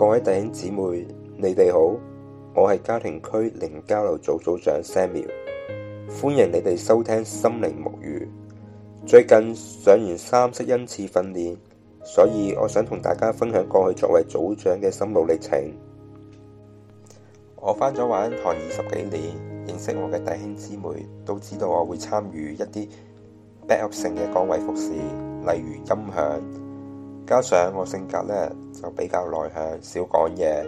各位弟兄姊妹，你哋好，我係家庭區靈交流組組長 Samuel，歡迎你哋收聽心靈木語。最近上完三色恩賜訓練，所以我想同大家分享過去作為組長嘅心路歷程。我返咗華恩堂二十幾年，認識我嘅弟兄姊妹都知道我會參與一啲 backup 性嘅崗位服侍，例如音響。加上我性格咧就比較內向，少講嘢，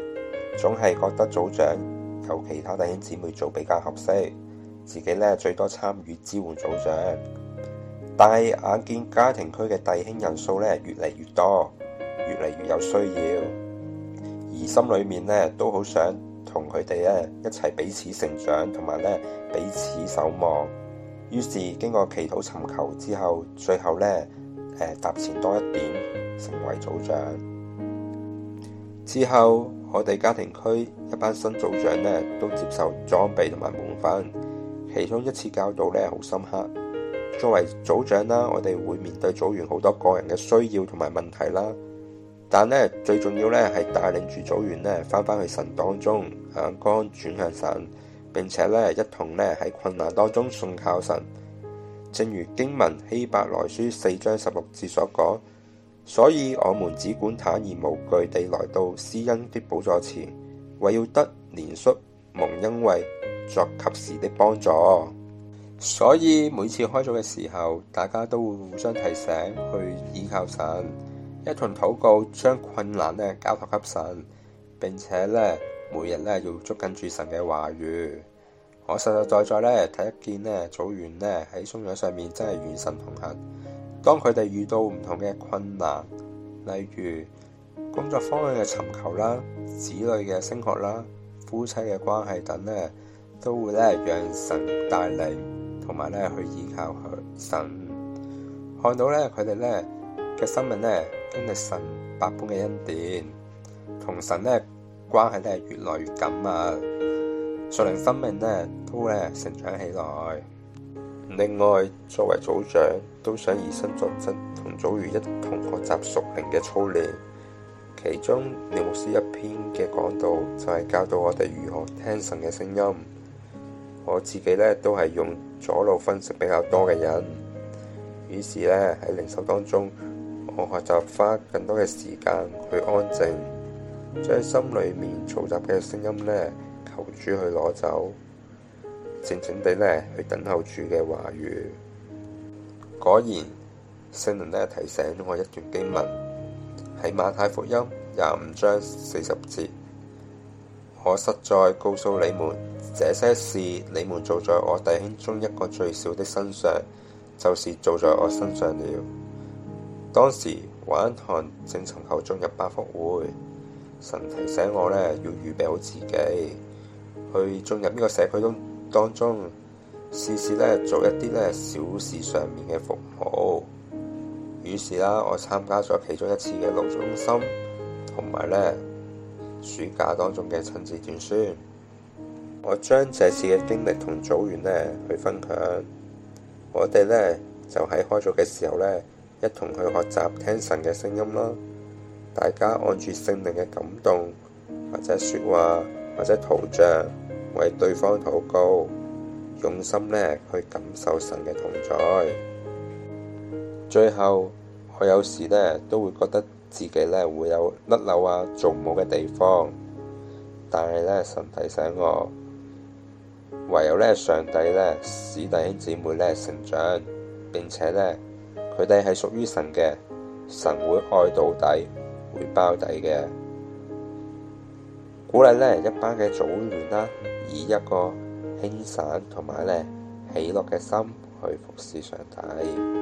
總係覺得組長求其他弟兄姊妹做比較合適，自己咧最多參與支援組長。但係眼見家庭區嘅弟兄人數咧越嚟越多，越嚟越有需要，而心裏面咧都好想同佢哋咧一齊彼此成長，同埋咧彼此守望。於是經過祈禱尋求之後，最後咧誒，踏、呃、前多一點。成為組長之後，我哋家庭區一班新組長呢都接受裝備同埋培訓，其中一次教導呢好深刻。作為組長啦，我哋會面對組員好多個人嘅需要同埋問題啦。但呢最重要呢係帶領住組員呢翻返去神當中，眼光轉向神，並且呢一同呢喺困難當中信靠神。正如經文希伯來書四章十六節所講。所以，我們只管坦然無懼地來到施恩的寶座前，為要得憐恤蒙恩惠作及時的幫助。所以每次開組嘅時候，大家都會互相提醒去依靠神，一同禱告，將困難咧交託給神。並且咧，每日咧要捉緊住神嘅話語。我實實在在咧，睇一見咧組員咧喺松養上面，真係與神同行。當佢哋遇到唔同嘅困難，例如工作方向嘅尋求啦、子女嘅升學啦、夫妻嘅關係等咧，都會咧讓神帶領，同埋咧去依靠佢神。看到咧佢哋咧嘅生命咧經歷神百般嘅恩典，同神咧關係咧越來越緊密，屬靈生命咧都咧成長起來。另外，作為組長，都想以身作則，同組員一同學習屬靈嘅操練。其中，尼牧師一篇嘅講道就係、是、教導我哋如何聽神嘅聲音。我自己咧都係用左腦分析比較多嘅人，於是咧喺靈修當中，我學習花更多嘅時間去安靜，將心裏面嘈雜嘅聲音咧，求主去攞走。靜靜地咧去等候主嘅話語。果然聖人咧提醒我一段經文，喺馬太福音廿五章四十節。我實在告訴你們，這些事你們做在我弟兄中一個最小的身上，就是做在我身上了。當時約翰正尋求進入八福會，神提醒我咧要預備好自己去進入呢個社區中。當中試試咧做一啲咧小事上面嘅服務，於是啦，我參加咗其中一次嘅服務中心，同埋咧暑假當中嘅親子短宣，我將這次嘅經歷同組員咧去分享，我哋咧就喺開組嘅時候咧一同去學習聽神嘅聲音咯，大家按住聖靈嘅感動，或者說話或者圖像。為對方禱告，用心咧去感受神嘅同在。最後，我有時咧都會覺得自己咧會有甩漏啊，做唔好嘅地方，但係咧神提醒我，唯有咧上帝咧使弟兄姊妹咧成長，並且咧佢哋係屬於神嘅，神會愛到底，會包底嘅。鼓勵呢一班嘅組員啦，啊，以一個輕鬆同埋呢喜樂嘅心去服侍上帝。